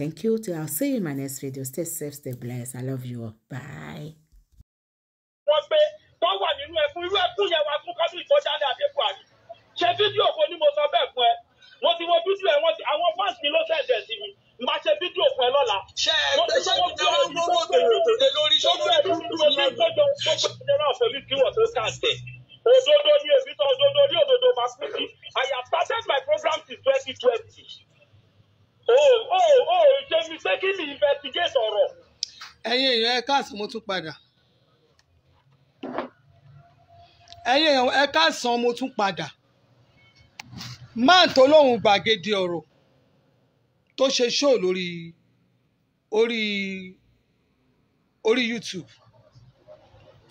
Thank you. Till I'll see you in my next video. Stay safe, stay blessed. I love you all. Bye. wọ́n fídíò mo tún padà ẹ̀yin èèyàn ẹ káàsán mo tún padà máà tó lóhùn gbàgede ọ̀rọ̀ tó ṣe ṣóò lórí orí orí YouTube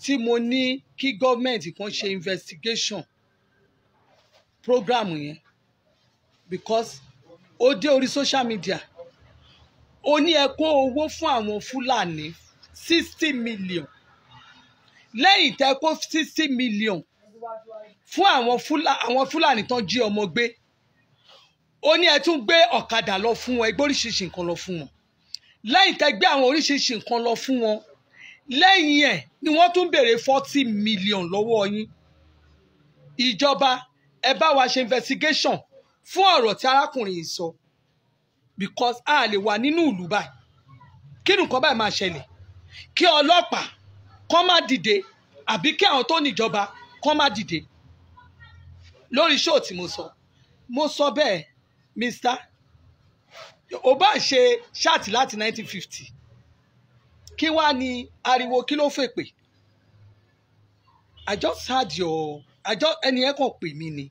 tí mo ní kí gọ́ọ̀mẹ̀ntì kan ṣe investigation program yẹn because ó dé orí social media ó ní ẹ kó owó fún àwọn Fúlàní sixty million lẹ́yìn tẹ́ kó sixty million fún àwọn fúlàní tán jí ọmọ gbé ó ní ẹ tún gbé ọ̀kadà lọ fún wọn ẹgbẹ́ oríṣiríṣi nǹkan lọ fún wọn lẹ́yìn tẹ́ gbé àwọn oríṣiríṣi nǹkan lọ fún wọn lẹ́yìn ẹ̀ ni wọ́n tún béèrè forty million lọ́wọ́ yín ìjọba ẹ bá wa ṣe investigation fún ọ̀rọ̀ tí arákùnrin yìí sọ because a lè wà nínú ìlú báyìí kí nǹkan báyìí máa ṣẹlẹ̀ kí ọlọ́pàá kọ́ má dìde àbí kí àwọn tó níjọba kọ́ má dìde lórí ṣóò tí mo sọ mo sọ bẹ́ẹ̀ mr ò bá ṣe ṣáàtì láti 1950 kí wá ní ariwo kí ló fẹ́ pè I just heard your I just ẹni ẹ kàn pè mí ni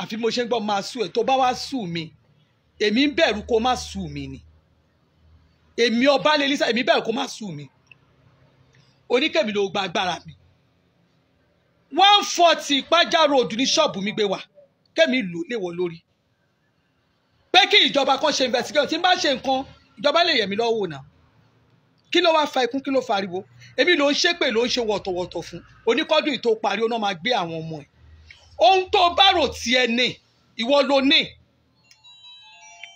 àfi mo ṣe ń gbọ́ máa sùn ẹ̀ tó bá wá sùn mi èmi ń bẹ̀rù kó má sùn mi ni èmi ọba lè lísà èmi bẹ̀rù kó má sùn mi oníkèmí ló gba agbára mi one forty ìpájà road ní ṣọ́ọ̀bù mi gbé wá kẹ́mi lò léwọ̀ lórí pé kí ìjọba kan ṣe investigation tí n bá ṣe nǹkan ìjọba lè yẹ̀ mí lọ́wọ́ náà kí ló wá fa ikú kí ló fa ariwo èmi ló ń ṣépè ló ń ṣe wọ̀tọ̀wọ̀tọ̀ fún oníkọ́dún ìtò parí ó náà máa gbé àwọn ọmọ ẹ̀ ohun tó bá rò tiẹ̀ ní ìwọ ló ní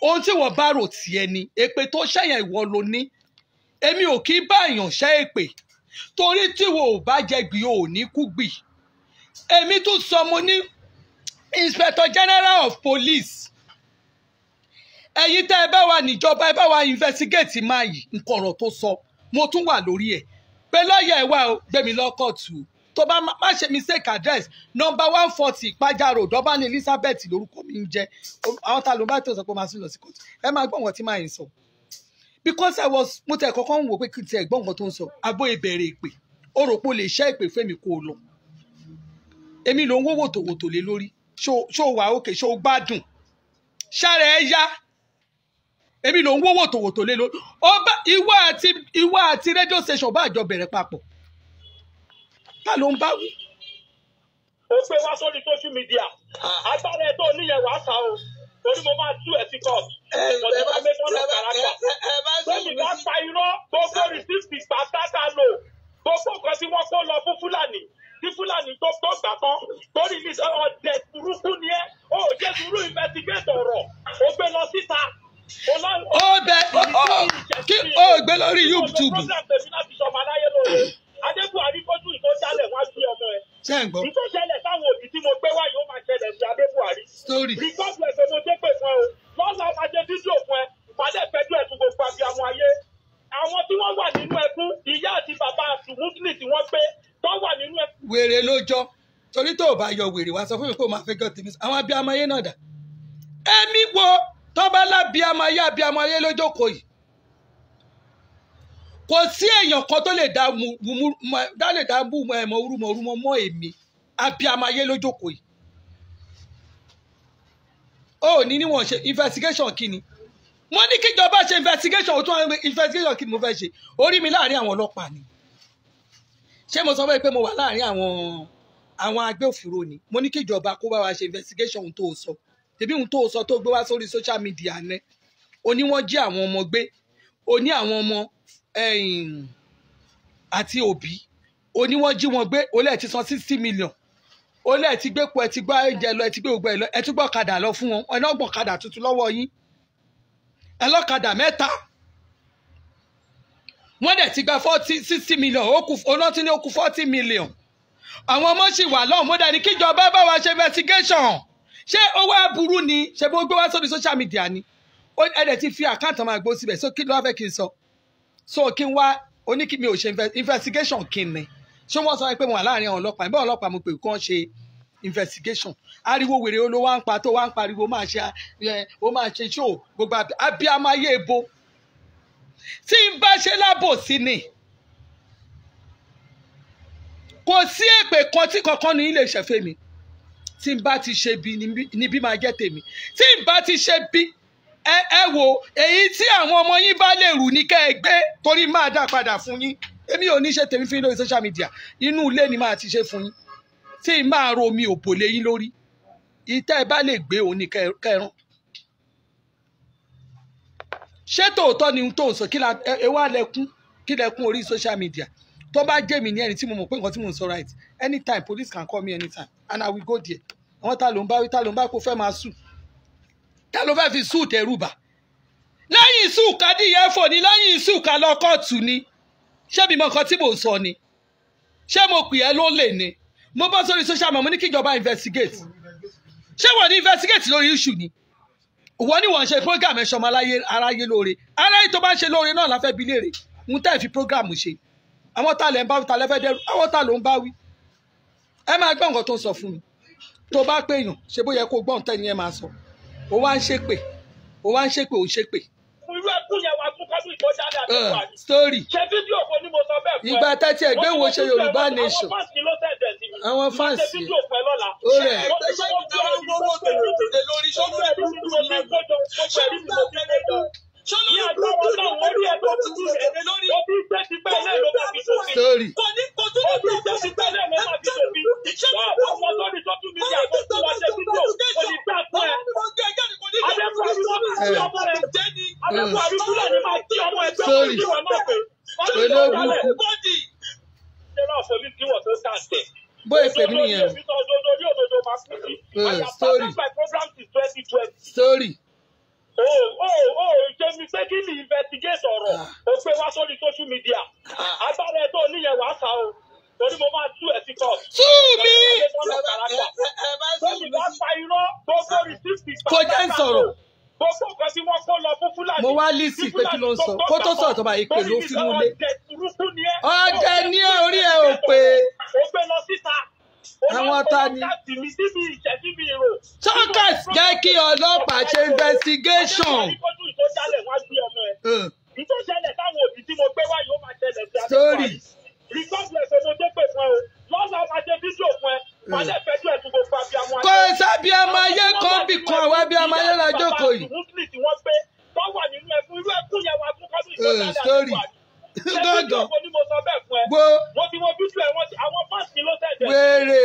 ohun tí wọ́n bá rò tiẹ̀ ni èpè tó ṣẹ̀yàn ìwọ ló ní èmi ò kí bá èèyàn ṣẹ́ èpè torí tí wo ò bá jẹ gbì ò ní kú gbì èmi tún sọ mo ní inspector general of police ẹ̀yin tẹ́ ẹ bá wa níjọba ẹ bá wa investigate máa yìí nǹkan ọ̀rọ̀ tó sọ mo tún wà lórí ẹ̀ pé lọ́ọ̀yà ẹ̀ wá gbẹ̀mí lọ́kọ̀tù tó bá má ṣe mistake address number one forty ìpájà road ọba Elizabeth lórúkọ mi ń jẹ àwọn tá ló bá tó sọ pé màá sún lọ sí court ẹ máa gbọ́ wọn tí màá yẹn sọ because I was mo tẹ̀ kọ́kọ́ ń wò pé kí n tiẹ̀ gbọ́ nǹkan tó ń sọ abó ìbẹ̀rẹ̀ ìpè ó rò pé o lè ṣẹ́ ìpè fẹ́mi kó o lọ èmi ló ń wó wòtòwòtò lé lórí ṣó wà ókè ṣó gbádùn ṣára ẹ yá èmi ló ń wó wòtòwòtò lé lórí ìwọ àti ìwọ àti rédíò station bá àjọ bẹ̀rẹ̀ papọ̀ ta ló ń bá wí. ó pé wá sórí social media agbára ẹ tó níyẹn wàá ta o torí mo máa tú ẹ sí court ọ̀dọ̀ bá gbé tọ́lá kàràkà bẹ́ẹ̀ni bá pa irọ́ gbogbo rìsíìtì pàtàkà lò gbogbo nǹkan tí wọ́n kó lọ fún fúlàní tí fúlàní tó tó gbà kan torí ní ọ̀dẹ̀ burúkú ni ẹ ó jẹ́ sùúrù investigate ọ̀rọ̀ ó gbé lọ síta ó bẹ kí ó gbé lórí YouTube ṣé ń gbọ́. ìtò ṣẹlẹ̀ sáwọn òbí tí mo gbé wá yóò máa ṣẹlẹ̀ sí abẹ́ Buhari. story. rìkọ́dù ẹ̀fẹ̀ mo dépè fún ẹ o lọ́sàn-án máa ṣe fídíò fún ẹ ìpàdé ìfẹ́jú ẹ̀sùn gbogbo àbí àwọn ayé. àwọn tí wọ́n wà nínú ẹkún ìyá àti bàbá sùmùsùlì tí wọ́n gbé tó wà nínú ẹkún. wèrè ló jọ torí tó o bá yọ wèrè wá sọ fún mi kó o máa fẹ́ jọ tèmi àwọn abiyamọ ayé náà dà. ẹ̀mí wo tọ́ba kò sí èèyàn kan tó lè dá bú mọ orúmọ orúmọ mọ èmi abiamayé lójókòó yìí ó ní níwọ̀n ṣe investigation kíni mo ní kíjọba ṣe investigation òtún àwọn investigation kíni mo fẹ́ ṣe orí mi láàrin àwọn ọlọ́pàá ni ṣé mo sọ pé mo wà láàrin àwọn àwọn agbófinró ni mo ní kíjọba kó bá wa ṣe investigation ohun tó sọ tèmi ohun tó sọ tó gbé wá sórí social media ní oní wọ́n jí àwọn ọmọ gbé oní àwọn ọmọ àti òbí oníwọ́n jí wọn gbé olè ti san sixty million olè ti gbé po ẹ ti gbá oúnjẹ lọ ẹ ti gbé gbogbo ẹ lọ ẹ tún gbọ́ ọ̀kadà lọ fún wọn ẹ náà gbọ́ ọ̀kadà tuntun lọ́wọ́ yín ẹ lọ́kadà mẹ́ta wọ́n dẹ̀ ti gba forty sixty million oná tí ní ó kù forty million àwọn ọmọ sì wà lọ́hùn mo dàní kíjọba bá wa ṣe investigation ṣé owó aburú ni ṣe bó gbé wá sórí social media ni ẹ dẹ̀ ti fi àkáǹtì ọmọ àgbo síbẹ̀ sókè ló wá fẹ́ kí n sọ. So so kí n wá oní kí ò ṣe investigation kí ni ṣé wọ́n sọ pé mo wà láàrin àwọn ọlọ́pàá ìbọn ọlọ́pàá mo pè kí wọ́n ṣe investigation ariwo wèrè ló wá ń pa tó wá ń pariwo máa ṣe ó máa ṣe ṣó gbogbo abiyamọ ayé ebo tí n bá ṣe lábòsí ni kò sí èpè kan tí kankan ní ilé ìṣẹ̀fẹ̀ mi tí n bá ti ṣe bí ni máa jẹ́ tèmi tí n bá ti ṣe bí ẹ ẹ wo èyí tí àwọn ọmọ yín bá lè rù ní kẹ́ ẹ gbé torí máa dá padà fún yín èmi ò ní ṣe tèmi fún lórí social media inú ilé ni máa ti ṣe fún yín tí ì máa ro omi òbò lé yín lórí ìtẹ́ ẹ bá lè gbé òun ní kẹrán ṣé tòótọ́ ni tó sọ kí ẹ wá lẹ́kún kí lẹ́kún orí social media tó bá jẹ́ mi ní ẹni tí mo mọ̀ pé nǹkan tí mo ń sọ right anytime police can call me anytime and i will go there àwọn ta ló ń bá wí ta ló ń bá kó fẹ́ máa sùn ta ló fẹ́ fi suit ẹrú bà lẹ́yìn sùkà díyẹ fò ní lẹ́yìn sùkà lọ́kọ̀tù ni ṣé mi mọ nǹkan tí mò ń sọ ni ṣé mo pè ẹ́ ló lè ni mo bọ́ sórí social media mo ní kíjọba investigate ṣé wọ́n ní investigate lórí issue ni wọ́n ní wọ́n ṣe program ẹ̀ṣọ́ ọmọ aráyé lóore aráyé tó bá ṣe lóore náà la fẹ́ bi léèrè ń tẹ́ fi program ṣe àwọn tá lè ń bá ta lẹ́fẹ́ dẹ́rù àwọn tá ló ń bá wí ẹ máa gbọ́ nǹkan tó ń sọ fún mi tó bá pèèyàn ṣe bó yẹ kó gbọ́ ǹtẹ́ ni ẹ máa sọ ó wá ń ṣépè ó wá ń ṣépè ó ń ṣépè. irú ẹkún yẹn wà tún kọ́dún ìkọjá ní àtẹ̀wá ni. story ṣe fídíò kan ni mo sọ bẹ́ẹ̀ fún ẹ. ìgbà tẹ́tí ẹgbẹ́ wo ṣe Yorùbá nation. àwọn fans ni ló tẹ̀dẹ̀ sí mi. àwọn fans ni ṣe fídíò pẹ́ lọ́la. ó rẹ̀ ṣe ìjọba owó tòlò tòlè lórí ṣọ́kùnrin dúdú ní gbọ́dọ̀ sọlọ́ọ̀lù gbogbo náà wọ́n rí ẹgbẹ́ tuntun rẹ̀ lórí kò ní kò ní tó kó sí pẹ́ẹ́lẹ́ lọ́wọ́ àbí tó fi ṣé wọ́n wọ́n wọ́n tó tún mi ní àgbọ̀. story pẹ̀lú ògùnkù. bóyá pè mí yẹn story story. Oh, oh, oh, ṣe mi pé kí ni investigate ọ̀rọ̀ o pé wá sórí social media agbára ẹ̀ tó níyẹn wàá sá o torí mo máa tú ẹ̀ sí kọ́. tú mi. tó mi bá pa irọ́ tó kórìí sí ti pa. kò jẹ́ ń sọ̀rọ̀ gbogbo nǹkan tí wọ́n kó lọ fún fúlàní. mo wá lísì pé kí ló ń sọ kó tó sọ̀rọ̀ tó bá yìí pé ló fi mú lé. ọdẹ ní orí ẹ ò pé. ó gbé lọ síta. àwọn ta ni. sọ́kẹ̀s jẹ́ kí ọlọ́pàá ṣe investigation. ìtòsẹ̀lẹ̀ táwọn òbí tí mo gbé wáyé ó máa ṣẹlẹ̀ sí àtúntò regardless ọmọ tó pè fún ẹ o lọ́la máa ṣe fídíò fún ẹ wọ́n lè fẹ́ tó ẹ̀ tó gbogbo abiyamọ ayé. kò sábìyàmọ ayé kan bì àwọn abiyamọ ayé your story. gángan wo wèrè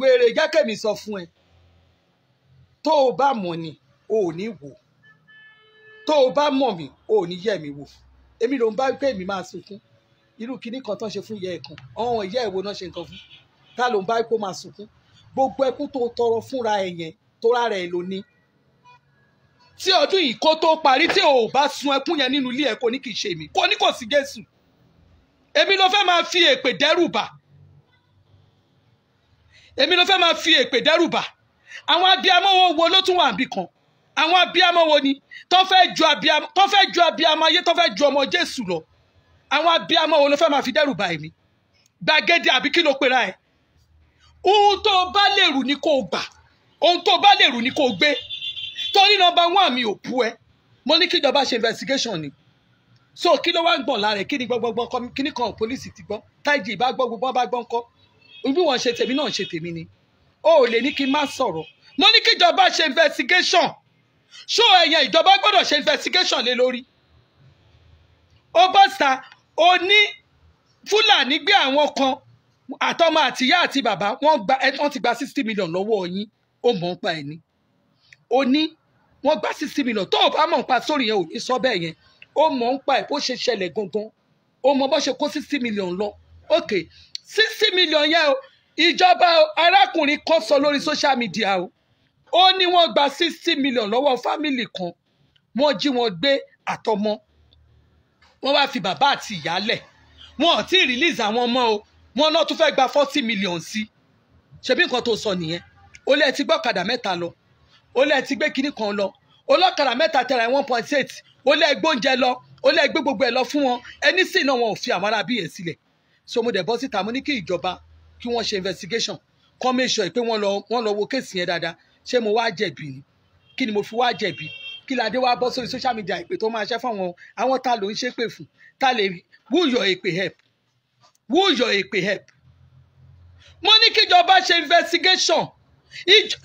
wèrè jákèmí sọ fún ẹ tó o bá mọ̀ ni o ò ní wò tó o bá mọ̀ mí o ò ní yẹ̀ mí wò èmi ló ń bá pé èmi máa sunkún irú kinní kan tó ń ṣe fún ìyá ẹ̀ kan ọ̀hún ìyá ẹ̀ wo náà ṣe nǹkan fún ta ló ń bá pé ó máa sunkún gbogbo ẹkún tó tọrọ fúnra ẹ̀ yẹn tó rárẹ̀ ló ní tí ọdún yìí kó tó parí tí ò bá sun ẹkún yẹn nínú ilé ẹ kò ní kì í ṣe mí kò ní kò sí Jésù èmi ló fẹ́ máa fi èpè dẹ́rù bà èmi ló fẹ́ máa fi èpè dẹ́rù bà àwọn abiyamọ wo wo ló tún wà níbì kan àwọn abiyamọ wo ni tó fẹ́ ju abiyamọ ayé tó fẹ́ ju ọmọ Jésù lọ àwọn abiyamọ wo ló fẹ́ máa fi dẹ́rù bà èmi gbàgede àbí kí ló pera ẹ ohun tó bá lè rù ni kò gbà ohun tó o bá lè rù ni kò gbé torí nọmba one mi ò bú ẹ mo ní kíjọba ṣe investigation ni so kí ló wá ń gbọ̀n lára ẹ̀ kí ni gbọ́gbọ́gbọ́ kọ́ kí ni kan pólísì ti gbọ́ táìjì bá gbọ́ gbogbo bá gbọ́ ń kọ́ ibi wọn ṣe tèmi náà ṣe tèmi ni o ò lè ní kí n má sọ̀rọ̀ mo ní kíjọba ṣe investigation ṣó ẹ̀yàn ìjọba gbọ́dọ̀ ṣe investigation lé lórí ó bọ́ sa ó ní fúlàní gbé àwọn kan àtọmọ àtìyá àti bàbá wọn ti gba sixty million lọ́wọ́ yín ó mọ̀ ń pa ẹ̀ ni ó ní wọ́n gba sixty million tó o bá mọ̀ nípa sórí yẹn ò ní sọ bẹ́ẹ̀ yẹn ó mọ̀ nípa ẹ̀ bó ṣe ṣẹlẹ̀ gangan ó mọ̀ bó ṣe kó sixty million lọ ok sixty million yẹn o ìjọba arákùnrin kan sọ lórí social media o ó ní wọ́n gba sixty million lọ́wọ́ fámìlì kan wọ́n jí wọn gbé àtọmọ wọ́n wá fi bàbá àti ìyá lẹ̀ wọn ò tí ì release àwọn ọmọ o wọ́n náà tún fẹ́ gba forty million sí ṣebí nǹkan tó sọ nìyẹn ó lẹ́ẹ̀ ti gbọ́kadà mẹ́ta lọ ó lẹ́ ti gbé kinní kan lọ olókàrà mẹ́ta tẹ̀ra one point eight ó lẹ́ gbóúnjẹ lọ ó lẹ́ gbé gbogbo ẹ̀ lọ fún wọn ẹni sì náà wọn ò fi àwọn arábí yẹn sílẹ̀ so mo dẹ̀ bọ́ síta mo ní kí ìjọba kí wọ́n ṣe investigation kọ́ make sure pé wọ́n lọ wọ́n lọ wo kéèsì yẹn dáadáa ṣé mo wá jẹ̀bi ni kí ni mo fi wá jẹ̀bi kí ládé wá bọ́ sórí social media ìpè tó máa ṣẹ́ fáwọn àwọn ta ló ń ṣépè fún ta lè wú yọ èpè help wú yọ èpè help mo ní kíjọba ṣe investigation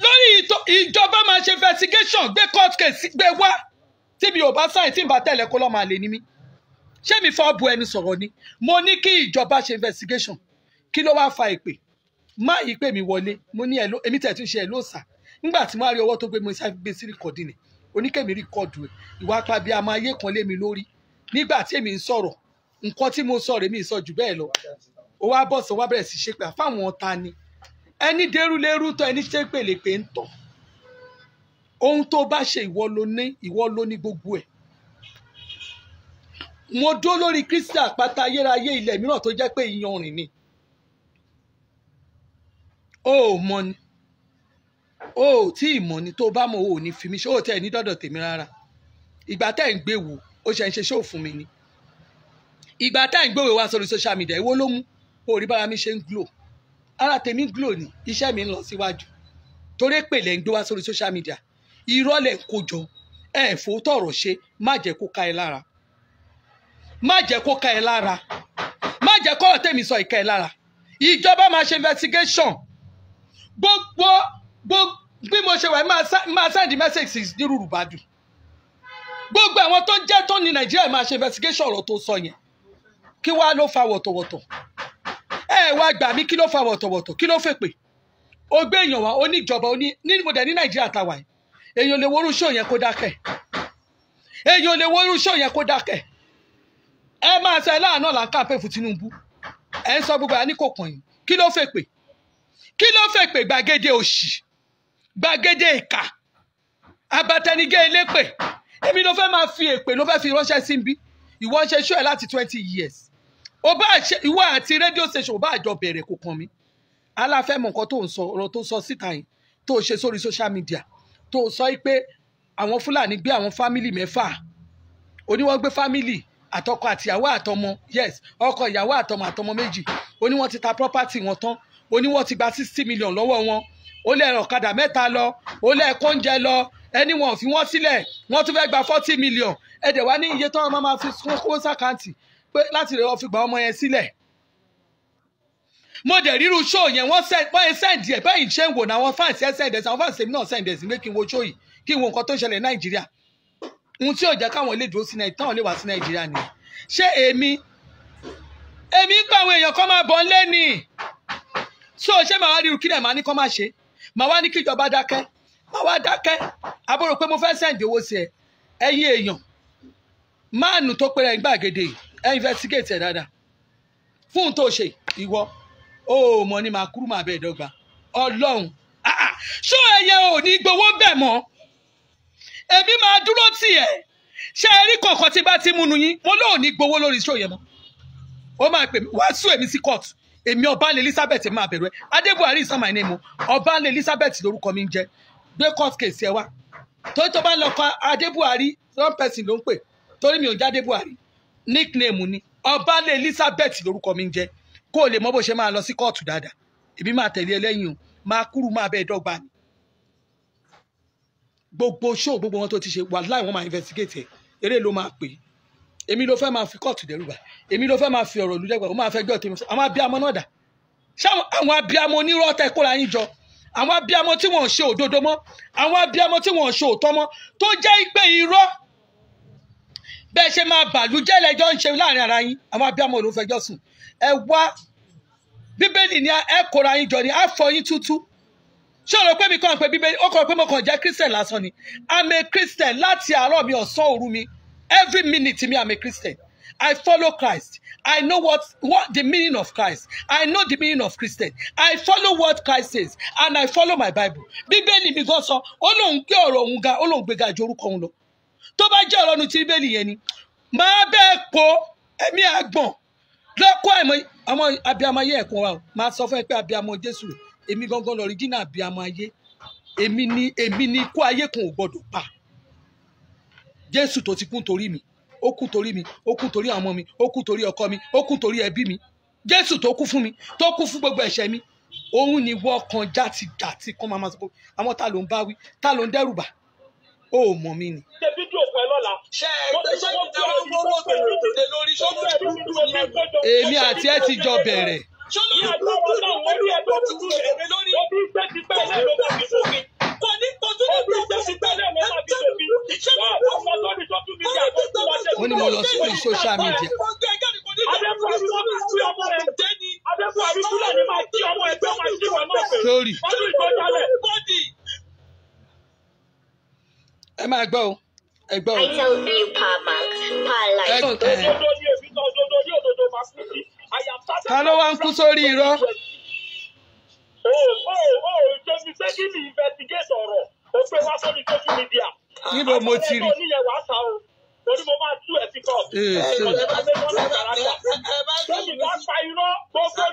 lórí ìjọba máa ṣe investigation gbé court case gbé wá tí mi ò bá sáyìn tí n bá tẹ̀lé kó lọ́ọ́ máa ní mí ṣé mi fọ́ bu ẹnu sọ̀rọ̀ ni mo ní kí ìjọba ṣe investigation kí ló wáá fa ìpè má ìpè mi wọlé mo ní èmi tẹ̀ tún ṣe ẹ̀ lóòsà nígbà tí mo rí ọwọ́ tó gbé mo ṣàgbé sí rìkọ́dì ni oníkèmí rìkọ́dù ẹ̀ ìwà apábí àmọ́ ayé kan lé mi lórí nígbà tí èmi ń sọ̀rọ̀ nǹkan tí mo sọ rèmi sọ jù bẹ́ẹ̀ lọ ó wá bọ̀ sọ wá bẹ̀rẹ̀ sí ṣépè àfáwọn ta ni ẹni dérúlérú tọ ẹni ṣe pèlèpè ń tọ ohun tó bá ṣe ìwọ ló ní ìwọ ló ní gbogbo ẹ mo dó lórí kristi àpáta ayérayé ilẹ̀ mìíràn tó jẹ́ pé iyanrìn ni o ò mọ ni o ò tí ì mọ ni tó bá mọ o ò ní fi mi ṣé o tẹ ní dọ́dọ̀ tèmi rárá ìgbà tẹ́ ń gbé wò ó ṣe ń ṣe ṣóò fún mi ni ìgbà tẹ́ ń gbé wò wá sórí social media ìwọ ló mú o rí bára mi ṣe ń glow ara tèmi glo ni iṣẹ́ mi ń lọ síwájú torí pèlè ń gbé wá sórí social media ìrọ̀lẹ̀ ń kójọ ẹ fò tọ̀rọ̀ ṣe má jẹ́ kó ká ẹ lára má jẹ́ kó ká ẹ lára má jẹ́ kó tèmi sọ ìka ẹ lára ìjọba máa ṣe investigation gbogbo gbogbo bí mo ṣe wà máa send messages ní rúrùbádùn gbogbo àwọn tó jẹ́ tó ní nàìjíríà máa ṣe investigation ọ̀rọ̀ tó sọ yẹn kí wàá ló fa wọ̀tọ̀wọ̀tọ̀ ẹ wá gbà mí kí ló fa wọ̀tọ̀wọ̀tọ̀ kí ló fèpè ó gbé èèyàn wá ó ní ìjọba ó ní mo dẹ̀ ní nàìjíríà tàwa yìí èèyàn lè worú ṣó yẹn kó dákẹ́ èèyàn lè worú ṣó yẹn kó dákẹ́ ẹ máa sọ ẹ láàánú là ń kàpẹ́ fún Tinubu ẹ ń sọ gbogbo ẹ ní kò kàn yín kí ló fèpè kí ló fèpè gbàgede òṣì gbàgede ìkà abatẹnigé elépè èmi ló fẹ́ máa fi èpè ló fẹ́ fi ránṣẹ́ sí bí ìwọ ń ṣe ṣó ẹ láti twenty years ó bá ṣe ìwọ àti rédíò station ó bá àjọ bẹ̀rẹ̀ kò kàn mí aláfẹ́ mọ̀ nǹkan tó ń sọ ọ̀rọ̀ tó sọ síta yìí tó ṣe sórí social media tó sọ pé àwọn fúlàní gbé àwọn fámìlì mẹ́fà oníwọ́n gbé fámìlì àtọkọ àtìyàwó àtọmọ yes ọkọ ìyàwó àtọmọ àtọmọ méjì oníwọ́n ti ta property wọn tán oníwọ́n ti gba sixty million lọ́wọ́ wọn ó lé ẹ̀rọ ọ̀kadà mẹ́ta lọ ó lé ẹ̀kọ́ oúnjẹ lọ ẹni wọn ò fi wọ́n sílẹ̀ wọ́n tún fẹ́ gba forty million ẹ̀dẹ̀ wá ní iye tán máa fi kó sákàǹtì pé láti rẹ̀ wọ́n fi gba ọmọ yẹn sílẹ̀ mo dẹ̀ ríru ṣó yẹn wọ́n sẹ́ǹdì ẹ̀ ṣe ń wò náà wọ́n fáǹsì ẹ̀ sẹ́ǹdì ẹ̀ fáǹsì kí n wo kí n wo nǹkan nàìjíríà ohun tí yóò káwọn ilé dúró sí nàìjíríà sí ṣé èmi èmi ń pa àwọn èèyàn bọ̀ ń lé ni so ṣé màá máa ẹ investigate ẹ dáadáa fún tó ṣe ìwọ ó mọ ní máa kúrú máa bẹ ìdọ́gba ọlọ́run ah, ah, ṣó ẹyẹ ò ní gbowó bẹ̀ mọ́ èmi máa dúró tì ẹ́ ṣe é rí kọ̀ọ̀kan tí bá ti múnu yín mo lóò ní gbowó lórí ṣó yẹ mọ́ ó máa pè mí wàásù èmi sí kóòtù èmi ọbaálé Elizabeth máa bẹ̀rù ẹ adébúhárí is not my name o ọbaálé Elizabeth lórúkọ mi ń jẹ gbé court case ẹ wá torí tó bá lọ kọ adébúhárí one person ló ń pè torí mi ò jẹ́ adébúhárí nickname ni ọbalẹ̀ Elizabeth lórúkọ mi ń jẹ́ kó o lè mọ bó ṣe máa lọ sí kóòtù dáadáa èmi máa tẹ̀lé ẹlẹ́yìn o máa kúrú máa bẹ́ẹ̀ dọ́gba ni gbogbo ṣó gbogbo wọn tó ti ṣe wà láì wọn máa investigate ẹ eré ló máa pè é èmi ló fẹ́ máa fi kóòtù dẹ́rùbà èmi ló fẹ́ máa fi ọ̀rọ̀ lùdẹ́gbà ó máa fẹ́ jọ́ tèmi àwọn abiyamọ náà dà ṣé àwọn abiyamọ onírọ́tẹ kóra yín jọ àwọn abiyamọ tí wọ́n ṣe òdodo mọ́ àwọn abiyamọ tí wọ́n ṣe òtọ́ mọ́ tó jẹ́ ìgbé irọ́ bẹ́ẹ̀ ṣe máa bàlújẹ́ lẹ́jọ́ ń ṣe láàrin ara yín àwọn abiyamọ ló fẹjọ́ sùn ẹ wá bíbélì ni ẹ kóra yín jọ ni á fọ yín tútú ṣé o rò pé mi kàn pé bíbélì ó kàn pé mo kàn jẹ́ christian lásán ni i'm a christian láti àárọ̀ mi ọ̀sán òru mi every minute mi i'm a christian i follow christ I know what, what the meaning of Christ. I know the meaning of Christian. I follow what Christ says and I follow my Bible. Bíbélì mi gan sọ, ó lóun gbé ọ̀rọ̀ òun ga, ó lóun gbé ga ju orúkọ òun lọ tó bá jẹ́ ọ̀rọ̀ nu ti bẹ́ẹ̀lì yẹn ni máa bẹ́ẹ̀ po ẹ̀mí àgbọ̀n lọ́kọ́ àìmọ́ ọmọ abiyamọ ayé ẹ̀kún wa o máa sọ fún ẹ pé abiyamọ jésù èmi gangan lọ rí dínà abiyamọ ayé èmi ni èmi ni ikú ayé kan ò gbọdọ̀ pa jésù tó ti kú torí mi ó kú torí mi ó kú torí àwọn ọmọ mi ó kú torí ọkọ mi ó kú torí ẹbí mi jésù tó kú fún mi tó kú fún gbogbo ẹ̀ṣẹ̀ mi òun ni wọ́n kan játi jàti kan máa ma sọ pé àwọn ta ló ń bá wí ta ló ń dẹ́rù bà ó mọ̀ mí ni lọ́la. ṣé ẹgbẹ́ ṣe ń èmi àti ẹ ti jọ bẹ̀rẹ̀. ṣọ́kùnrin dúdú náà wọ́n ní ẹgbẹ́ dúdú èmi lórí. obi gbé ti pẹ́ ẹ̀ bá mi fún mi. kò ní kojú ní tó gbé ti pẹ́ ẹ̀ bá mi fún mi. ṣé mo kọ́ fọ́ lórí social media tó tó wá ṣe. ó ní mo lọ sórí social media. Sorry. ẹ máa gbọ́ o ẹgbẹ́ o. I tell you per month per life. ta ló wá ń kú sórí irọ́. o o o jẹ́bi sẹ́kì ní media. níbo mo ti rí. àwọn ẹgbẹ́ wàá sá o torí mo máa tú ẹ sí kọ. ẹ bá gbé wọn lọ sàrà dà. sẹ́mi bá pa irọ́ gbogbo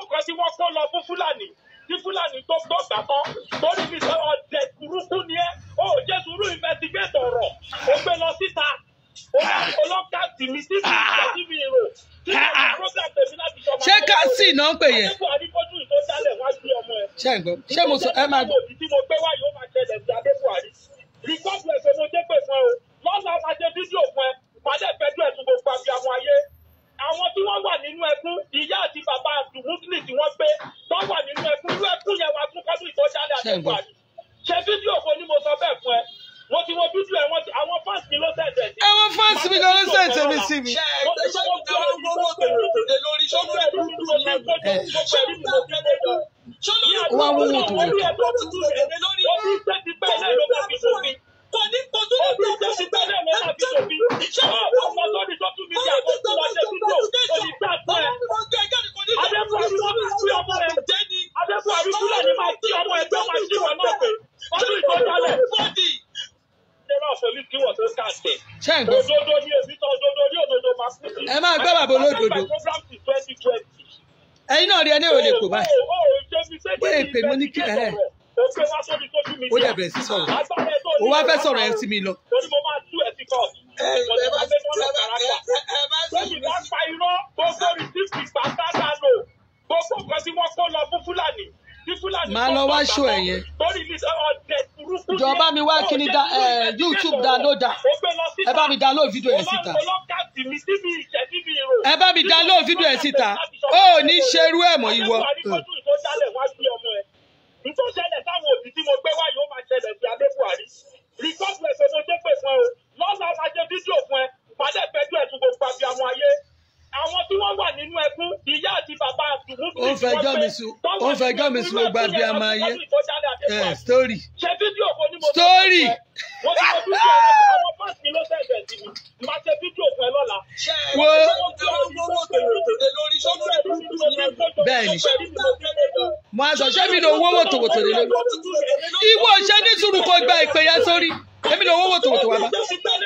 nǹkan tí wọ́n kó lọ fún Fúlàní tí fúlàní tó gbọ́ gbàgbọ́ torí fi sọ ọ̀dẹ̀ burúkú ni ẹ́ ó jẹ́ sùúrù ìfẹsígbẹ́tọ̀ ọ̀rọ̀ ó gbé lọ síta ọlọ́kà tìmí sí ìfẹsígbẹ́tì ah, ah. rò ah, ṣé ká sì náà ń pè yẹn. ṣé mo sọ ẹ máa gbọ́. 这样过去 ó ní kílẹ̀ rẹ̀ ó dẹ̀ bẹ̀rẹ̀ sí sọ̀rọ̀ ó wá fẹ́ sọ̀rọ̀ ẹ̀ sí mi lọ. torí mo máa tú ẹ̀ sí kọ́ ìkọ̀lẹ́ máa fẹ́ sọ̀rọ̀ kàràkà sẹ́yìn bá pa irọ́ gbogbo rìsíìtì pàtà dànù gbogbo nǹkan tí wọ́n kó lọ fún Fúlàní tí Fúlàní kọ́ lọ bàbá máa lọ wá ṣó ẹ̀ yẹn jọba mi wá kí ni oh, da eh, YouTube download da ẹ bá mi download fídíò yẹn síta ẹ bá mi download fídíò yẹn síta ó ní ṣerú ẹ̀ mọ́ ìwọ. fẹjọ́ mi sùn ó ń fẹjọ́ mi sùn gbogbo abẹ́ àmọ́ ayé story story. wo bẹ́ẹ̀ni mo á ṣé mi ní owó wòtòwòtò lé lórí ìwọ ṣe ní sùúrù gba ìpè yẹn sórí èmi ní owó wòtòwòtò wà bá.